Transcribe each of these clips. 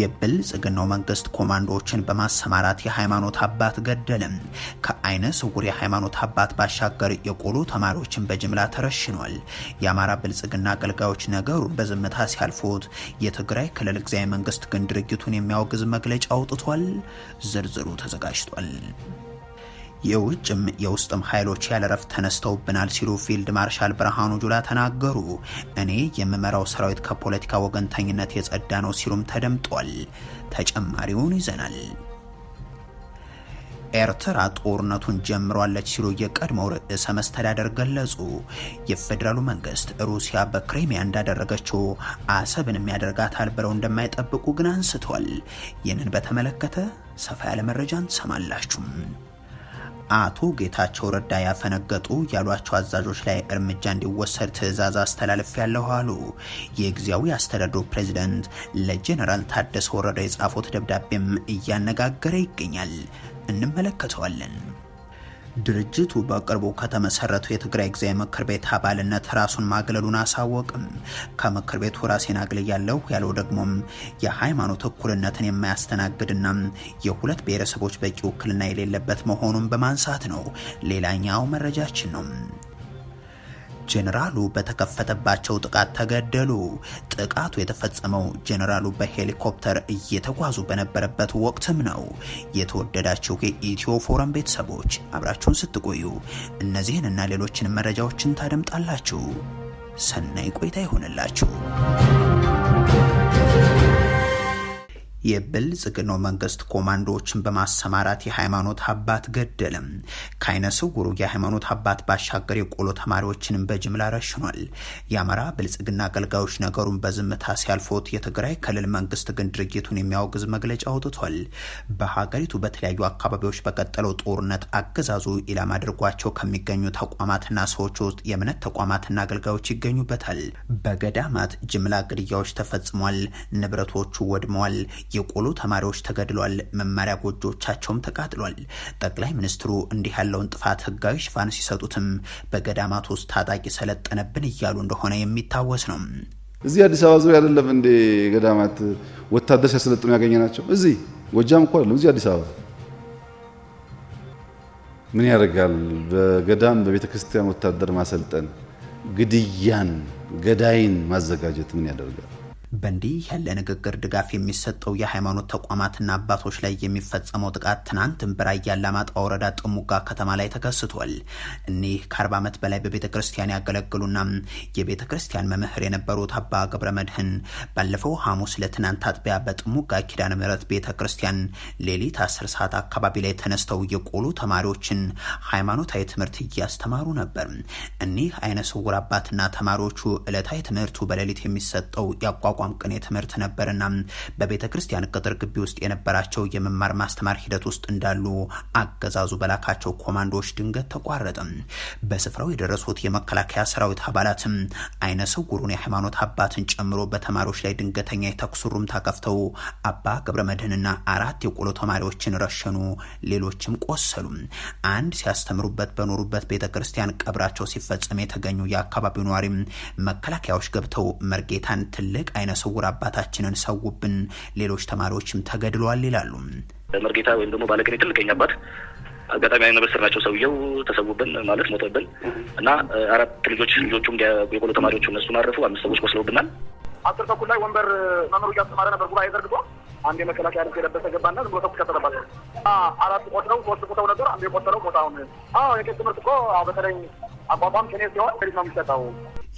የብልጽግናው መንግስት ኮማንዶዎችን በማሰማራት የሃይማኖት አባት ገደልም። ከአይነ ስውር የሃይማኖት አባት ባሻገር የቆሎ ተማሪዎችን በጅምላ ተረሽኗል። የአማራ ብልጽግና አገልጋዮች ነገሩን በዝምታ ሲያልፉት፣ የትግራይ ክልል ጊዜያዊ መንግስት ግን ድርጊቱን የሚያወግዝ መግለጫ አውጥቷል። ዝርዝሩ ተዘጋጅቷል። የውጭም የውስጥም ኃይሎች ያለረፍት ተነስተውብናል ሲሉ ፊልድ ማርሻል ብርሃኑ ጁላ ተናገሩ። እኔ የምመራው ሰራዊት ከፖለቲካ ወገንተኝነት የጸዳ ነው ሲሉም ተደምጧል። ተጨማሪውን ይዘናል። ኤርትራ ጦርነቱን ጀምሯለች ሲሉ የቀድሞው ርዕሰ መስተዳደር ገለጹ። የፌዴራሉ መንግስት ሩሲያ በክሪሚያ እንዳደረገችው አሰብንም ያደርጋታል ብለው እንደማይጠብቁ ግን አንስተዋል። ይህንን በተመለከተ ሰፋ ያለ መረጃ እንሰማላችሁም። አቶ ጌታቸው ረዳ ያፈነገጡ ያሏቸው አዛዦች ላይ እርምጃ እንዲወሰድ ትዕዛዝ አስተላልፍ ያለሁ አሉ። የጊዜያዊ አስተዳደሩ ፕሬዚደንት ለጄኔራል ታደሰ ወረደ የጻፉት ደብዳቤም እያነጋገረ ይገኛል። እንመለከተዋለን። ድርጅቱ በቅርቡ ከተመሰረቱ የትግራይ ጊዜያዊ ምክር ቤት አባልነት ራሱን ማግለሉን አሳወቅም። ከምክር ቤቱ ራሴን አግልያለሁ ያለው ደግሞም የሃይማኖት እኩልነትን የማያስተናግድና የሁለት ብሔረሰቦች በቂ ውክልና የሌለበት መሆኑን በማንሳት ነው። ሌላኛው መረጃችን ነው። ጄኔራሉ በተከፈተባቸው ጥቃት ተገደሉ። ጥቃቱ የተፈጸመው ጄኔራሉ በሄሊኮፕተር እየተጓዙ በነበረበት ወቅትም ነው። የተወደዳቸው የኢትዮ ፎረም ቤተሰቦች አብራችሁን ስትቆዩ እነዚህን እና ሌሎችን መረጃዎችን ታደምጣላችሁ። ሰናይ ቆይታ ይሆንላችሁ። የብልጽግናው መንግስት ኮማንዶዎችን በማሰማራት የሃይማኖት አባት ገደለም። ከአይነ ስውሩ የሃይማኖት አባት ባሻገር የቆሎ ተማሪዎችንም በጅምላ ረሽኗል። የአማራ ብልጽግና አገልጋዮች ነገሩን በዝምታ ሲያልፎት፣ የትግራይ ክልል መንግስት ግን ድርጊቱን የሚያወግዝ መግለጫ አውጥቷል። በሀገሪቱ በተለያዩ አካባቢዎች በቀጠለው ጦርነት አገዛዙ ኢላማ አድርጓቸው ከሚገኙ ተቋማትና ሰዎች ውስጥ የእምነት ተቋማትና አገልጋዮች ይገኙበታል። በገዳማት ጅምላ ግድያዎች ተፈጽሟል። ንብረቶቹ ወድመዋል። የቆሎ ተማሪዎች ተገድሏል፣ መማሪያ ጎጆቻቸውም ተቃጥሏል። ጠቅላይ ሚኒስትሩ እንዲህ ያለውን ጥፋት ህጋዊ ሽፋን ሲሰጡትም በገዳማት ውስጥ ታጣቂ ሰለጠነብን እያሉ እንደሆነ የሚታወስ ነው። እዚህ አዲስ አበባ ዙሪያ አይደለም እንዴ ገዳማት ወታደር ሲያሰለጥኑ ያገኘ ናቸው። እዚህ ጎጃም እኮ አይደለም፣ እዚህ አዲስ አበባ ምን ያደርጋል? በገዳም በቤተ ክርስቲያን ወታደር ማሰልጠን ግድያን፣ ገዳይን ማዘጋጀት ምን ያደርጋል? በእንዲህ ያለ ንግግር ድጋፍ የሚሰጠው የሃይማኖት ተቋማትና አባቶች ላይ የሚፈጸመው ጥቃት ትናንትም በራያ አላማጣ ወረዳ ጥሙጋ ከተማ ላይ ተከስቷል። እኒህ ከአርባ ዓመት በላይ በቤተ ክርስቲያን ያገለግሉና የቤተ ክርስቲያን መምህር የነበሩት አባ ገብረ መድህን ባለፈው ሐሙስ ለትናንት አጥቢያ በጥሙጋ ኪዳነ ምሕረት ቤተ ክርስቲያን ሌሊት 10 ሰዓት አካባቢ ላይ ተነስተው የቆሉ ተማሪዎችን ሃይማኖታዊ ትምህርት እያስተማሩ ነበር። እኒህ አይነ ስውር አባትና ተማሪዎቹ ዕለታዊ ትምህርቱ በሌሊት የሚሰጠው ያቋቋ የአቋም ቅኔ ትምህርት ነበርና በቤተ ክርስቲያን ቅጥር ግቢ ውስጥ የነበራቸው የመማር ማስተማር ሂደት ውስጥ እንዳሉ አገዛዙ በላካቸው ኮማንዶዎች ድንገት ተቋረጠ። በስፍራው የደረሱት የመከላከያ ሰራዊት አባላትም አይነ ስውሩን የሃይማኖት አባትን ጨምሮ በተማሪዎች ላይ ድንገተኛ የተኩስ ሩምታ ከፍተው አባ ገብረ መድህንና አራት የቆሎ ተማሪዎችን ረሸኑ። ሌሎችም ቆሰሉ። አንድ ሲያስተምሩበት በኖሩበት ቤተ ክርስቲያን ቀብራቸው ሲፈጸም የተገኙ የአካባቢው ነዋሪም መከላከያዎች ገብተው መርጌታን ትልቅ አይነ ስውር አባታችንን ሰውብን፣ ሌሎች ተማሪዎችም ተገድለዋል ይላሉ። መርጌታ ወይም ደግሞ ባለቅኔ ትልቀኝ አባት አጋጣሚ አይነ በስር ናቸው። ሰውየው ተሰውብን ማለት ሞተብን እና አራት ልጆች ልጆቹም የቆሎ ተማሪዎቹ እነሱ ማረፉ፣ አምስት ሰዎች ቆስለውብናል። አስር ተኩል ላይ ወንበር መምህሩ እያስተማረ ነበር። ጉባኤ ዘርግቶ አንድ የመከላከያ ልብስ የለበሰ ገባና ዝም ብሎ ተኩስ ከተባለ አራት ቆስለው ሶስት ቁተው ነበር። አንዱ የቆሰለው ቦታውን አሁን የቄስ ትምህርት እኮ በተለይ አቋቋም ኔ ሲሆን ሪት ነው የሚሰጠው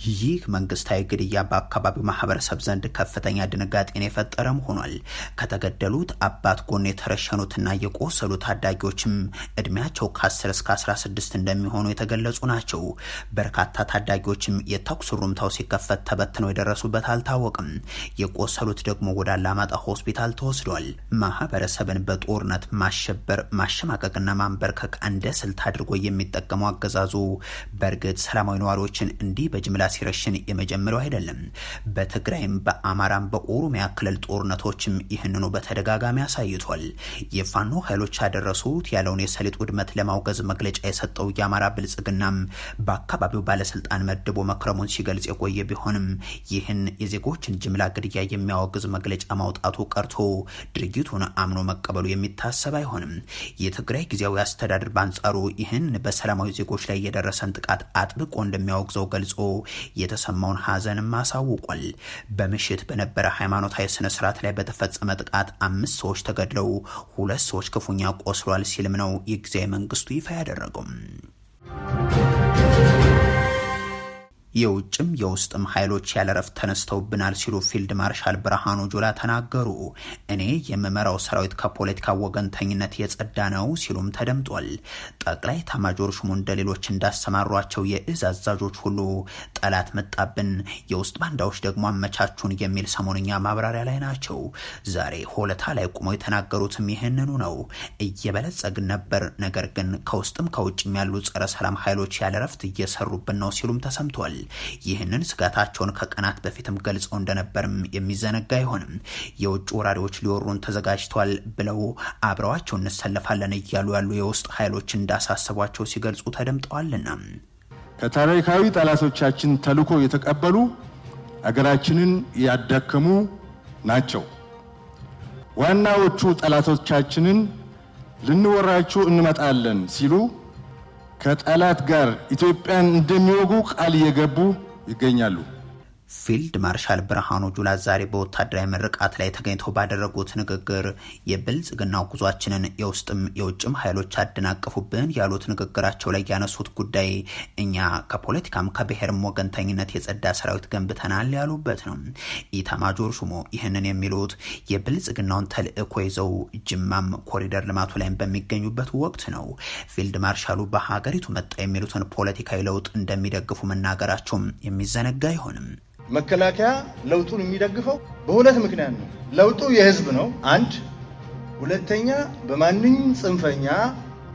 ይህ መንግስታዊ ግድያ በአካባቢው ማህበረሰብ ዘንድ ከፍተኛ ድንጋጤን የፈጠረም ሆኗል። ከተገደሉት አባት ጎን የተረሸኑትና የቆሰሉ ታዳጊዎችም እድሜያቸው ከ10 እስከ 16 እንደሚሆኑ የተገለጹ ናቸው። በርካታ ታዳጊዎችም የተኩስ ሩምታው ሲከፈት ተበትነው የደረሱበት አልታወቅም። የቆሰሉት ደግሞ ወደ አላማጣ ሆስፒታል ተወስዷል። ማህበረሰብን በጦርነት ማሸበር፣ ማሸማቀቅና ማንበርከክ እንደ ስልት አድርጎ የሚጠቀመው አገዛዙ በእርግጥ ሰላማዊ ነዋሪዎችን እንዲህ በጅምላ ሲረሽን የመጀመሪያው አይደለም። በትግራይም በአማራም በኦሮሚያ ክልል ጦርነቶችም ይህንኑ በተደጋጋሚ አሳይቷል። የፋኖ ኃይሎች ያደረሱት ያለውን የሰሊጥ ውድመት ለማውገዝ መግለጫ የሰጠው የአማራ ብልጽግናም በአካባቢው ባለስልጣን መድቦ መክረሙን ሲገልጽ የቆየ ቢሆንም ይህን የዜጎችን ጅምላ ግድያ የሚያወግዝ መግለጫ ማውጣቱ ቀርቶ ድርጊቱን አምኖ መቀበሉ የሚታሰብ አይሆንም። የትግራይ ጊዜያዊ አስተዳደር በአንጻሩ ይህን በሰላማዊ ዜጎች ላይ የደረሰን ጥቃት አጥብቆ እንደሚያወግዘው ገልጾ የተሰማውን ሀዘንም አሳውቋል። በምሽት በነበረ ሃይማኖታዊ ስነስርዓት ላይ በተፈጸመ ጥቃት አምስት ሰዎች ተገድለው ሁለት ሰዎች ክፉኛ ቆስሏል ሲልም ነው የጊዜያዊ መንግስቱ ይፋ ያደረገው። የውጭም የውስጥም ኃይሎች ያለረፍ ተነስተውብናል ሲሉ ፊልድ ማርሻል ብርሃኑ ጁላ ተናገሩ። እኔ የምመራው ሰራዊት ከፖለቲካ ወገንተኝነት የጸዳ ነው ሲሉም ተደምጧል። ጠቅላይ ኤታማዦር ሹሙ እንደሌሎች እንዳሰማሯቸው የእዝ አዛዦች ሁሉ ጠላት መጣብን፣ የውስጥ ባንዳዎች ደግሞ አመቻቹን የሚል ሰሞንኛ ማብራሪያ ላይ ናቸው። ዛሬ ሆለታ ላይ ቁመው የተናገሩትም ይህንኑ ነው። እየበለጸግን ነበር፣ ነገር ግን ከውስጥም ከውጭም ያሉ ጸረ ሰላም ኃይሎች ያለረፍት እየሰሩብን ነው ሲሉም ተሰምቷል። ይህንን ስጋታቸውን ከቀናት በፊትም ገልጸው እንደነበርም የሚዘነጋ አይሆንም። የውጭ ወራሪዎች ሊወሩን ተዘጋጅተዋል ብለው አብረዋቸው እንሰለፋለን እያሉ ያሉ የውስጥ ኃይሎች እንዳሳሰቧቸው ሲገልጹ ተደምጠዋልና ከታሪካዊ ጠላቶቻችን ተልዕኮ የተቀበሉ አገራችንን ያዳከሙ ናቸው። ዋናዎቹ ጠላቶቻችንን ልንወራችሁ እንመጣለን ሲሉ ከጠላት ጋር ኢትዮጵያን እንደሚወጉ ቃል እየገቡ ይገኛሉ። ፊልድ ማርሻል ብርሃኑ ጁላ ዛሬ በወታደራዊ ምርቃት ላይ ተገኝተው ባደረጉት ንግግር የብልጽግና ጉዟችንን የውስጥም የውጭም ኃይሎች አደናቀፉብን ያሉት ንግግራቸው ላይ ያነሱት ጉዳይ እኛ ከፖለቲካም ከብሔርም ወገንተኝነት የጸዳ ሰራዊት ገንብተናል ያሉበት ነው። ኢታማጆር ሹሙ ይህንን የሚሉት የብልጽግናውን ተልእኮ ይዘው ጅማም ኮሪደር ልማቱ ላይም በሚገኙበት ወቅት ነው። ፊልድ ማርሻሉ በሀገሪቱ መጣ የሚሉትን ፖለቲካዊ ለውጥ እንደሚደግፉ መናገራቸውም የሚዘነጋ አይሆንም። መከላከያ ለውጡን የሚደግፈው በሁለት ምክንያት ነው። ለውጡ የህዝብ ነው፣ አንድ ሁለተኛ በማንኝ ጽንፈኛ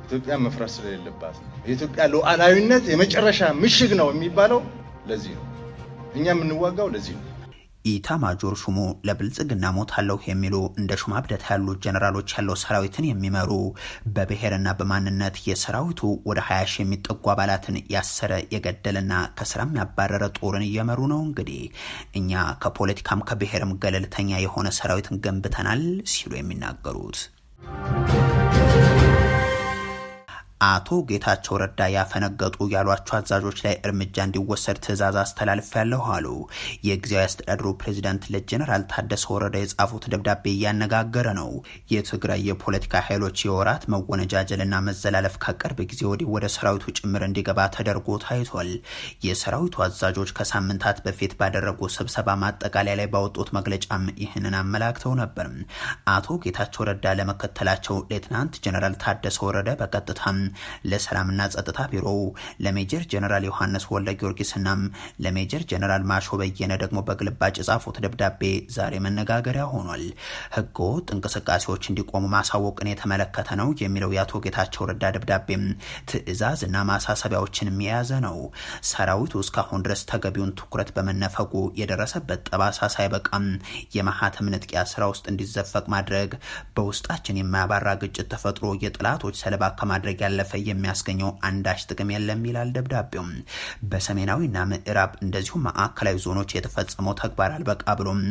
ኢትዮጵያ መፍረስ ስለሌለባት የኢትዮጵያ ሉዓላዊነት የመጨረሻ ምሽግ ነው የሚባለው ለዚህ ነው። እኛ የምንዋጋው ለዚህ ነው። ኢታማጆር ሹሙ ለብልጽግና ሞታለሁ የሚሉ እንደ ሹማ ብደታ ያሉ ጀነራሎች ያለው ሰራዊትን የሚመሩ በብሔርና በማንነት የሰራዊቱ ወደ 20 ሺህ የሚጠጉ አባላትን ያሰረ የገደልና ከስራም ያባረረ ጦርን እየመሩ ነው። እንግዲህ እኛ ከፖለቲካም ከብሔርም ገለልተኛ የሆነ ሰራዊትን ገንብተናል ሲሉ የሚናገሩት አቶ ጌታቸው ረዳ ያፈነገጡ ያሏቸው አዛዦች ላይ እርምጃ እንዲወሰድ ትዕዛዝ ያለሁ አሉ። የጊዜያዊ አስተዳደሩ ፕሬዚዳንት ለጀነራል ታደሰ ወረደ የጻፉት ደብዳቤ እያነጋገረ ነው። የትግራይ የፖለቲካ ኃይሎች የወራት መወነጃጀልና መዘላለፍ ከቅርብ ጊዜ ወዲህ ወደ ሰራዊቱ ጭምር እንዲገባ ተደርጎ ታይቷል። የሰራዊቱ አዛዦች ከሳምንታት በፊት ባደረጉ ስብሰባ ማጠቃለያ ላይ ባወጡት መግለጫም ይህንን አመላክተው ነበር። አቶ ጌታቸው ረዳ ለመከተላቸው ሌትናንት ጀኔራል ታደሰ ወረደ በቀጥታ ለሰላምና ጸጥታ ቢሮው ለሜጀር ጀነራል ዮሐንስ ወልደ ጊዮርጊስና ለሜጀር ጀነራል ማሾ በየነ ደግሞ በግልባጭ የጻፉት ደብዳቤ ዛሬ መነጋገሪያ ሆኗል። ህገወጥ እንቅስቃሴዎች እንዲቆሙ ማሳወቅን የተመለከተ ነው የሚለው የአቶ ጌታቸው ረዳ ደብዳቤም ትዕዛዝ እና ማሳሰቢያዎችን የያዘ ነው። ሰራዊቱ እስካሁን ድረስ ተገቢውን ትኩረት በመነፈጉ የደረሰበት ጠባሳ ሳይበቃም የማህተም ንጥቂያ ስራ ውስጥ እንዲዘፈቅ ማድረግ በውስጣችን የማያባራ ግጭት ተፈጥሮ የጥላቶች ሰለባ ከማድረግ ያለ ካለፈ የሚያስገኘው አንዳች ጥቅም የለም ይላል ደብዳቤውም። በሰሜናዊና ምዕራብ እንደዚሁም ማዕከላዊ ዞኖች የተፈጸመው ተግባር አልበቃ ብሎም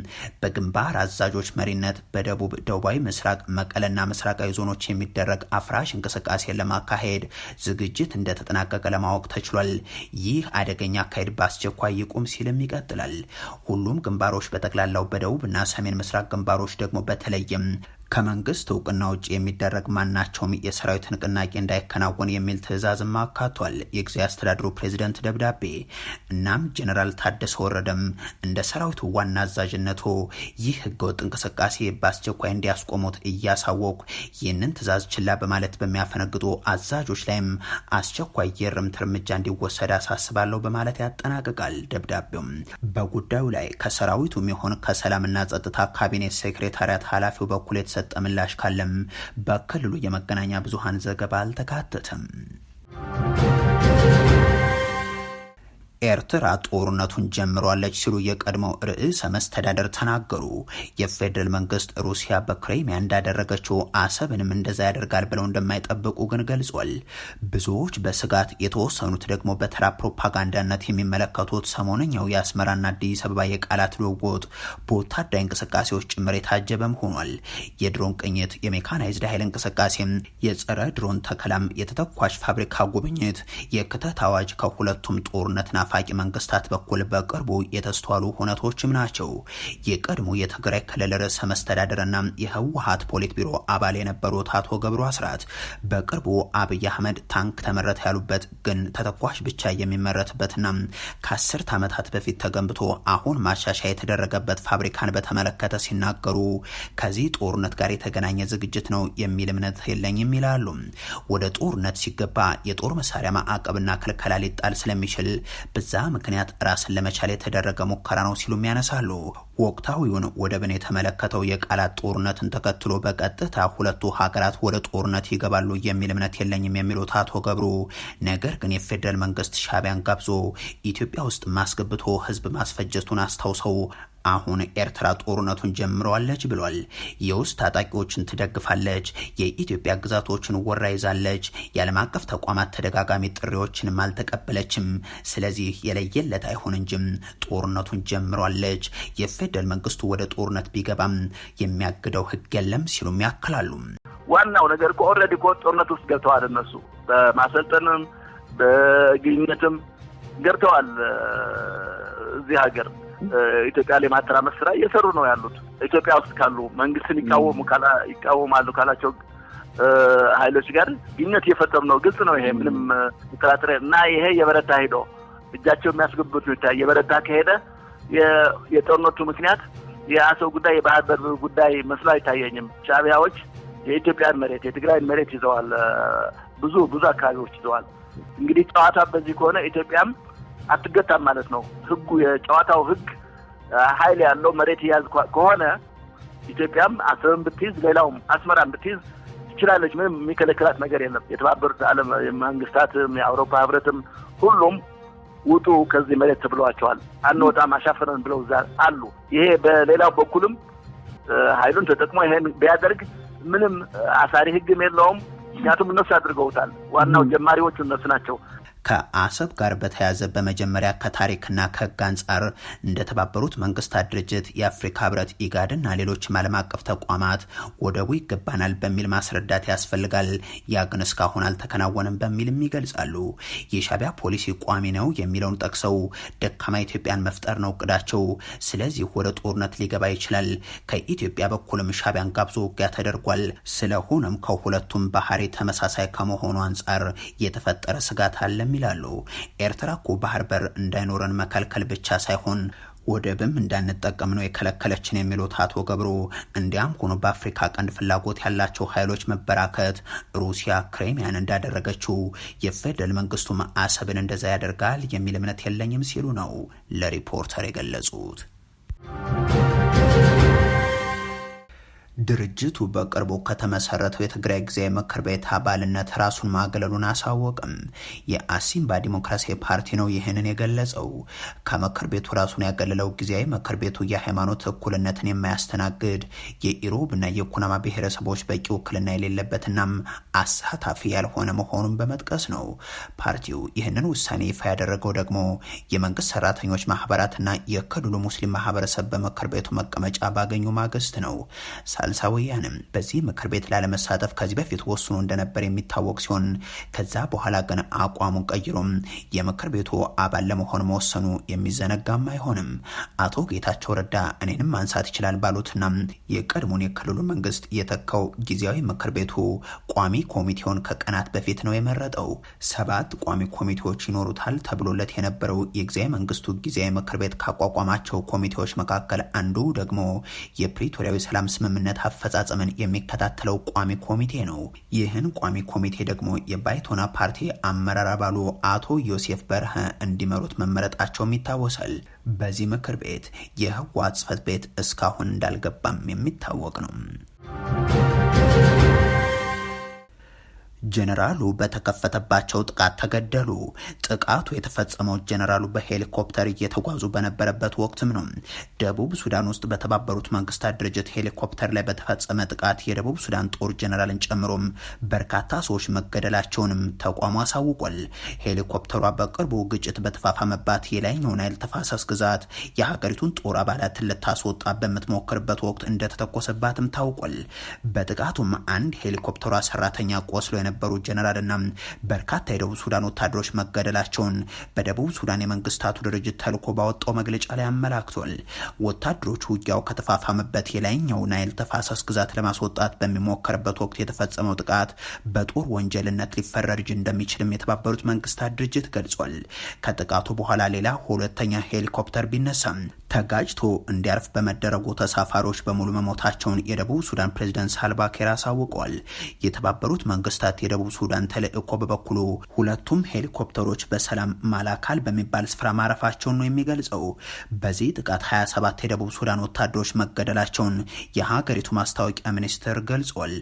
በግንባር አዛዦች መሪነት በደቡብ፣ ደቡባዊ ምስራቅ፣ መቀለና ምስራቃዊ ዞኖች የሚደረግ አፍራሽ እንቅስቃሴ ለማካሄድ ዝግጅት እንደተጠናቀቀ ለማወቅ ተችሏል። ይህ አደገኛ አካሄድ በአስቸኳይ ይቁም ሲልም ይቀጥላል። ሁሉም ግንባሮች በጠቅላላው በደቡብ ሰሜን ምስራቅ ግንባሮች ደግሞ በተለይም ከመንግስት እውቅና ውጭ የሚደረግ ማናቸውም የሰራዊት ንቅናቄ እንዳይከናወን የሚል ትዕዛዝም አካቷል የጊዜ አስተዳድሩ ፕሬዚደንት ደብዳቤ። እናም ጀኔራል ታደሰ ወረደም እንደ ሰራዊቱ ዋና አዛዥነቱ ይህ ህገወጥ እንቅስቃሴ በአስቸኳይ እንዲያስቆሙት እያሳወቁ ይህንን ትዕዛዝ ችላ በማለት በሚያፈነግጡ አዛዦች ላይም አስቸኳይ የእርምት እርምጃ እንዲወሰድ አሳስባለሁ በማለት ያጠናቅቃል ደብዳቤውም። በጉዳዩ ላይ ከሰራዊቱም ይሁን ከሰላምና ጸጥታ ካቢኔት ሴክሬታሪያት ኃላፊው በኩል የተሰ የተሰጠ ምላሽ ካለም በክልሉ የመገናኛ ብዙሃን ዘገባ አልተካተተም። ኤርትራ ጦርነቱን ጀምሯለች ሲሉ የቀድሞው ርዕሰ መስተዳደር ተናገሩ። የፌዴራል መንግስት ሩሲያ በክሬሚያ እንዳደረገችው አሰብንም እንደዛ ያደርጋል ብለው እንደማይጠብቁ ግን ገልጿል። ብዙዎች በስጋት የተወሰኑት ደግሞ በተራ ፕሮፓጋንዳነት የሚመለከቱት ሰሞነኛው የአስመራና አዲስ አበባ የቃላት ልውውጥ በወታደራዊ እንቅስቃሴዎች ጭምር የታጀበም ሆኗል። የድሮን ቅኝት፣ የሜካናይዝድ ኃይል እንቅስቃሴም፣ የጸረ ድሮን ተከላም፣ የተተኳሽ ፋብሪካ ጉብኝት፣ የክተት አዋጅ ከሁለቱም ጦርነትና በናፋቂ መንግስታት በኩል በቅርቡ የተስተዋሉ ሁነቶችም ናቸው። የቀድሞ የትግራይ ክልል ርዕሰ መስተዳደርና የህወሀት ፖሊት ቢሮ አባል የነበሩት አቶ ገብሩ አስራት በቅርቡ አብይ አህመድ ታንክ ተመረተ ያሉበት ግን ተተኳሽ ብቻ የሚመረትበትና ከአስርት ዓመታት በፊት ተገንብቶ አሁን ማሻሻያ የተደረገበት ፋብሪካን በተመለከተ ሲናገሩ ከዚህ ጦርነት ጋር የተገናኘ ዝግጅት ነው የሚል እምነት የለኝም ይላሉ። ወደ ጦርነት ሲገባ የጦር መሳሪያ ማዕቀብና ክልከላ ሊጣል ስለሚችል በዛ ምክንያት ራስን ለመቻል የተደረገ ሙከራ ነው ሲሉም ያነሳሉ። ወቅታዊውን ወደብን የተመለከተው የቃላት ጦርነትን ተከትሎ በቀጥታ ሁለቱ ሀገራት ወደ ጦርነት ይገባሉ የሚል እምነት የለኝም የሚሉት አቶ ገብሩ ነገር ግን የፌዴራል መንግስት ሻቢያን ጋብዞ ኢትዮጵያ ውስጥ ማስገብቶ ህዝብ ማስፈጀቱን አስታውሰው አሁን ኤርትራ ጦርነቱን ጀምረዋለች ብሏል። የውስጥ ታጣቂዎችን ትደግፋለች፣ የኢትዮጵያ ግዛቶችን ወራ ይዛለች፣ የዓለም አቀፍ ተቋማት ተደጋጋሚ ጥሪዎችንም አልተቀበለችም። ስለዚህ የለየለት አይሆን እንጂም ጦርነቱን ጀምረዋለች። የፌደራል መንግስቱ ወደ ጦርነት ቢገባም የሚያግደው ህግ የለም ሲሉም ያክላሉ። ዋናው ነገር ኦልሬዲ እኮ ጦርነት ውስጥ ገብተዋል። እነሱ በማሰልጠንም በግኝነትም ገብተዋል እዚህ ሀገር ኢትዮጵያ ላይ ማተራመስ ስራ እየሰሩ ነው ያሉት። ኢትዮጵያ ውስጥ ካሉ መንግስትን ይቃወሙ ይቃወማሉ ካላቸው ኃይሎች ጋር ግንኙነት እየፈጠሩ ነው። ግልጽ ነው ይሄ ምንም ምክራትር እና ይሄ የበረታ ሄዶ እጃቸው የሚያስገቡት ነው። የበረታ ከሄደ የጦርነቱ ምክንያት የአሰብ ጉዳይ የባህር በር ጉዳይ መስሎ አይታየኝም። ሻቢያዎች የኢትዮጵያን መሬት የትግራይን መሬት ይዘዋል። ብዙ ብዙ አካባቢዎች ይዘዋል። እንግዲህ ጨዋታ በዚህ ከሆነ ኢትዮጵያም አትገታም ማለት ነው። ህጉ የጨዋታው ህግ ኃይል ያለው መሬት የያዝ ከሆነ ኢትዮጵያም አሰብን ብትይዝ፣ ሌላውም አስመራን ብትይዝ ትችላለች። ምንም የሚከለክላት ነገር የለም። የተባበሩት ዓለም መንግስታትም የአውሮፓ ህብረትም ሁሉም ውጡ ከዚህ መሬት ተብለዋቸዋል። አንወጣም አሻፈረን ብለው እዛ አሉ። ይሄ በሌላው በኩልም ኃይሉን ተጠቅሞ ይሄን ቢያደርግ ምንም አሳሪ ህግም የለውም። ምክንያቱም እነሱ አድርገውታል። ዋናው ጀማሪዎቹ እነሱ ናቸው። ከአሰብ ጋር በተያያዘ በመጀመሪያ ከታሪክና ከህግ አንጻር እንደተባበሩት መንግስታት ድርጅት፣ የአፍሪካ ህብረት፣ ኢጋድና ሌሎችም ዓለም አቀፍ ተቋማት ወደቡ ይገባናል በሚል ማስረዳት ያስፈልጋል። ያ ግን እስካሁን አልተከናወንም በሚልም ይገልጻሉ። የሻቢያ ፖሊሲ ቋሚ ነው የሚለውን ጠቅሰው ደካማ ኢትዮጵያን መፍጠር ነው እቅዳቸው። ስለዚህ ወደ ጦርነት ሊገባ ይችላል። ከኢትዮጵያ በኩልም ሻቢያን ጋብዞ ውጊያ ተደርጓል። ስለሆነም ከሁለቱም ባህሪ ተመሳሳይ ከመሆኑ አንጻር የተፈጠረ ስጋት አለም አይደለም ይላሉ። ኤርትራ እኮ ባህር በር እንዳይኖረን መከልከል ብቻ ሳይሆን ወደብም እንዳንጠቀም ነው የከለከለችን የሚሉት አቶ ገብሩ፣ እንዲያም ሆኖ በአፍሪካ ቀንድ ፍላጎት ያላቸው ኃይሎች መበራከት ሩሲያ ክሬሚያን እንዳደረገችው የፌደራል መንግስቱም አሰብን እንደዛ ያደርጋል የሚል እምነት የለኝም ሲሉ ነው ለሪፖርተር የገለጹት። ድርጅቱ በቅርቡ ከተመሰረተው የትግራይ ጊዜያዊ ምክር ቤት አባልነት ራሱን ማገለሉን አሳወቅም። የአሲምባ ዲሞክራሲያዊ ፓርቲ ነው ይህንን የገለጸው። ከምክር ቤቱ ራሱን ያገለለው ጊዜያዊ ምክር ቤቱ የሃይማኖት እኩልነትን የማያስተናግድ የኢሮብና የኩናማ ብሔረሰቦች በቂ ውክልና የሌለበትናም አሳታፊ ያልሆነ መሆኑን በመጥቀስ ነው። ፓርቲው ይህንን ውሳኔ ይፋ ያደረገው ደግሞ የመንግስት ሰራተኞች ማህበራትና የክልሉ ሙስሊም ማህበረሰብ በምክር ቤቱ መቀመጫ ባገኙ ማግስት ነው። ፈረንሳዊያንም በዚህ ምክር ቤት ላለመሳተፍ ከዚህ በፊት ወስኖ እንደነበር የሚታወቅ ሲሆን ከዛ በኋላ ግን አቋሙን ቀይሮም የምክር ቤቱ አባል ለመሆን መወሰኑ የሚዘነጋም አይሆንም። አቶ ጌታቸው ረዳ እኔንም ማንሳት ይችላል ባሉትና የቀድሞን የክልሉ መንግስት የተካው ጊዜያዊ ምክር ቤቱ ቋሚ ኮሚቴውን ከቀናት በፊት ነው የመረጠው። ሰባት ቋሚ ኮሚቴዎች ይኖሩታል ተብሎለት የነበረው የጊዜያዊ መንግስቱ ጊዜያዊ ምክር ቤት ካቋቋማቸው ኮሚቴዎች መካከል አንዱ ደግሞ የፕሪቶሪያዊ ሰላም ስምምነት አፈጻጸምን የሚከታተለው ቋሚ ኮሚቴ ነው። ይህን ቋሚ ኮሚቴ ደግሞ የባይቶና ፓርቲ አመራር አባሉ አቶ ዮሴፍ በርሀ እንዲመሩት መመረጣቸውም ይታወሳል። በዚህ ምክር ቤት የህወሓት ጽፈት ቤት እስካሁን እንዳልገባም የሚታወቅ ነው። ጀነራሉ በተከፈተባቸው ጥቃት ተገደሉ። ጥቃቱ የተፈጸመው ጀነራሉ በሄሊኮፕተር እየተጓዙ በነበረበት ወቅትም ነው። ደቡብ ሱዳን ውስጥ በተባበሩት መንግስታት ድርጅት ሄሊኮፕተር ላይ በተፈጸመ ጥቃት የደቡብ ሱዳን ጦር ጀነራልን ጨምሮም በርካታ ሰዎች መገደላቸውንም ተቋሙ አሳውቋል። ሄሊኮፕተሯ በቅርቡ ግጭት በተፋፋመባት የላይኛው ናይል ተፋሰስ ግዛት የሀገሪቱን ጦር አባላትን ልታስወጣ በምትሞክርበት ወቅት እንደተተኮሰባትም ታውቋል። በጥቃቱም አንድ ሄሊኮፕተሯ ሰራተኛ ቆስሎ የነበሩ ጀነራልና በርካታ የደቡብ ሱዳን ወታደሮች መገደላቸውን በደቡብ ሱዳን የመንግስታቱ ድርጅት ተልኮ ባወጣው መግለጫ ላይ አመላክቷል። ወታደሮች ውጊያው ከተፋፋመበት የላይኛው ናይል ተፋሰስ ግዛት ለማስወጣት በሚሞከርበት ወቅት የተፈጸመው ጥቃት በጦር ወንጀልነት ሊፈረድ እንደሚችልም የተባበሩት መንግስታት ድርጅት ገልጿል። ከጥቃቱ በኋላ ሌላ ሁለተኛ ሄሊኮፕተር ቢነሳም ተጋጭቶ እንዲያርፍ በመደረጉ ተሳፋሪዎች በሙሉ መሞታቸውን የደቡብ ሱዳን ፕሬዝደንት ሳልቫኪር አሳውቀዋል። የተባበሩት መንግስታት የደቡብ ሱዳን ተልእኮ በበኩሉ ሁለቱም ሄሊኮፕተሮች በሰላም ማላካል በሚባል ስፍራ ማረፋቸውን ነው የሚገልጸው። በዚህ ጥቃት 27 የደቡብ ሱዳን ወታደሮች መገደላቸውን የሀገሪቱ ማስታወቂያ ሚኒስትር ገልጿል።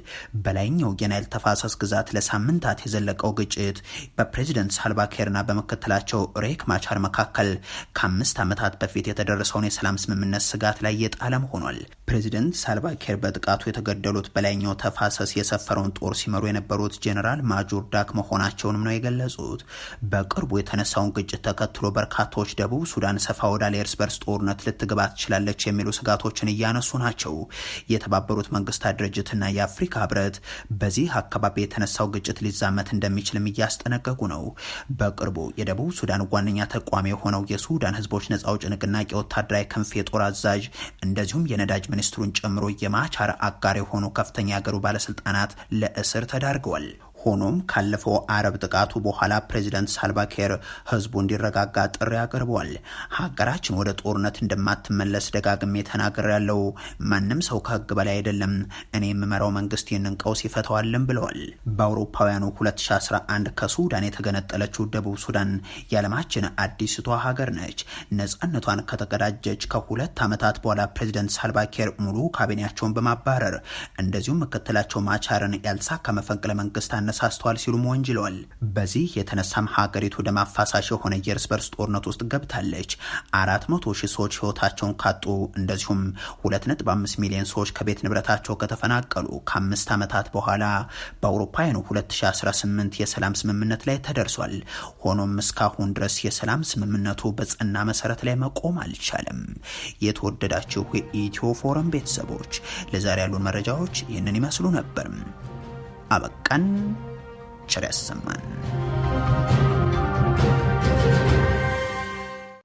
በላይኛው የናይል ተፋሰስ ግዛት ለሳምንታት የዘለቀው ግጭት በፕሬዝደንት ሳልቫኪርና በምክትላቸው ሬክ ማቻር መካከል ከአምስት ዓመታት በፊት የተደረሰው ያመለከተውን የሰላም ስምምነት ስጋት ላይ የጣለም ሆኗል። ፕሬዚደንት ሳልቫኪር በጥቃቱ የተገደሉት በላይኛው ተፋሰስ የሰፈረውን ጦር ሲመሩ የነበሩት ጄኔራል ማጆር ዳክ መሆናቸውንም ነው የገለጹት። በቅርቡ የተነሳውን ግጭት ተከትሎ በርካታዎች ደቡብ ሱዳን ሰፋ ወዳለ የእርስ በርስ ጦርነት ልትግባ ትችላለች የሚሉ ስጋቶችን እያነሱ ናቸው። የተባበሩት መንግስታት ድርጅትና የአፍሪካ ህብረት በዚህ አካባቢ የተነሳው ግጭት ሊዛመት እንደሚችልም እያስጠነቀቁ ነው። በቅርቡ የደቡብ ሱዳን ዋነኛ ተቋሚ የሆነው የሱዳን ህዝቦች ነጻ አውጪ ንቅናቄ ወታደ ወታደራዊ ክንፍ የጦር አዛዥ እንደዚሁም የነዳጅ ሚኒስትሩን ጨምሮ የማቻር አጋር የሆኑ ከፍተኛ የሀገሩ ባለስልጣናት ለእስር ተዳርገዋል። ሆኖም ካለፈው አረብ ጥቃቱ በኋላ ፕሬዚደንት ሳልቫኪር ህዝቡ እንዲረጋጋ ጥሪ አቅርበዋል። ሀገራችን ወደ ጦርነት እንደማትመለስ ደጋግሜ ያለው ማንም ሰው ከህግ በላይ አይደለም። እኔ የምመራው መንግስት ይህንን ቀውስ ይፈተዋልም ብለዋል። በአውሮፓውያኑ 2011 ከሱዳን የተገነጠለችው ደቡብ ሱዳን የዓለማችን አዲስቷ ሀገር ነች። ነፃነቷን ከተቀዳጀች ከሁለት ዓመታት በኋላ ፕሬዚደንት ሳልቫኪር ሙሉ ካቢኔያቸውን በማባረር እንደዚሁም ምክትላቸው ማቻርን ያልሳካ መፈንቅለ መንግስት አነሳስተዋል ሲሉም ወንጅለዋል። በዚህ የተነሳም ሀገሪቱ ደም አፋሳሽ የሆነ የእርስ በርስ ጦርነት ውስጥ ገብታለች። አራት መቶ ሺህ ሰዎች ህይወታቸውን ካጡ እንደዚሁም ሁለት ነጥብ አምስት ሚሊዮን ሰዎች ከቤት ንብረታቸው ከተፈናቀሉ ከአምስት ዓመታት በኋላ በአውሮፓውያኑ 2018 የሰላም ስምምነት ላይ ተደርሷል። ሆኖም እስካሁን ድረስ የሰላም ስምምነቱ በጽና መሰረት ላይ መቆም አልቻለም። የተወደዳችሁ የኢትዮ ፎረም ቤተሰቦች ለዛሬ ያሉን መረጃዎች ይህንን ይመስሉ ነበርም አበቃን። ቸር ያሰማን።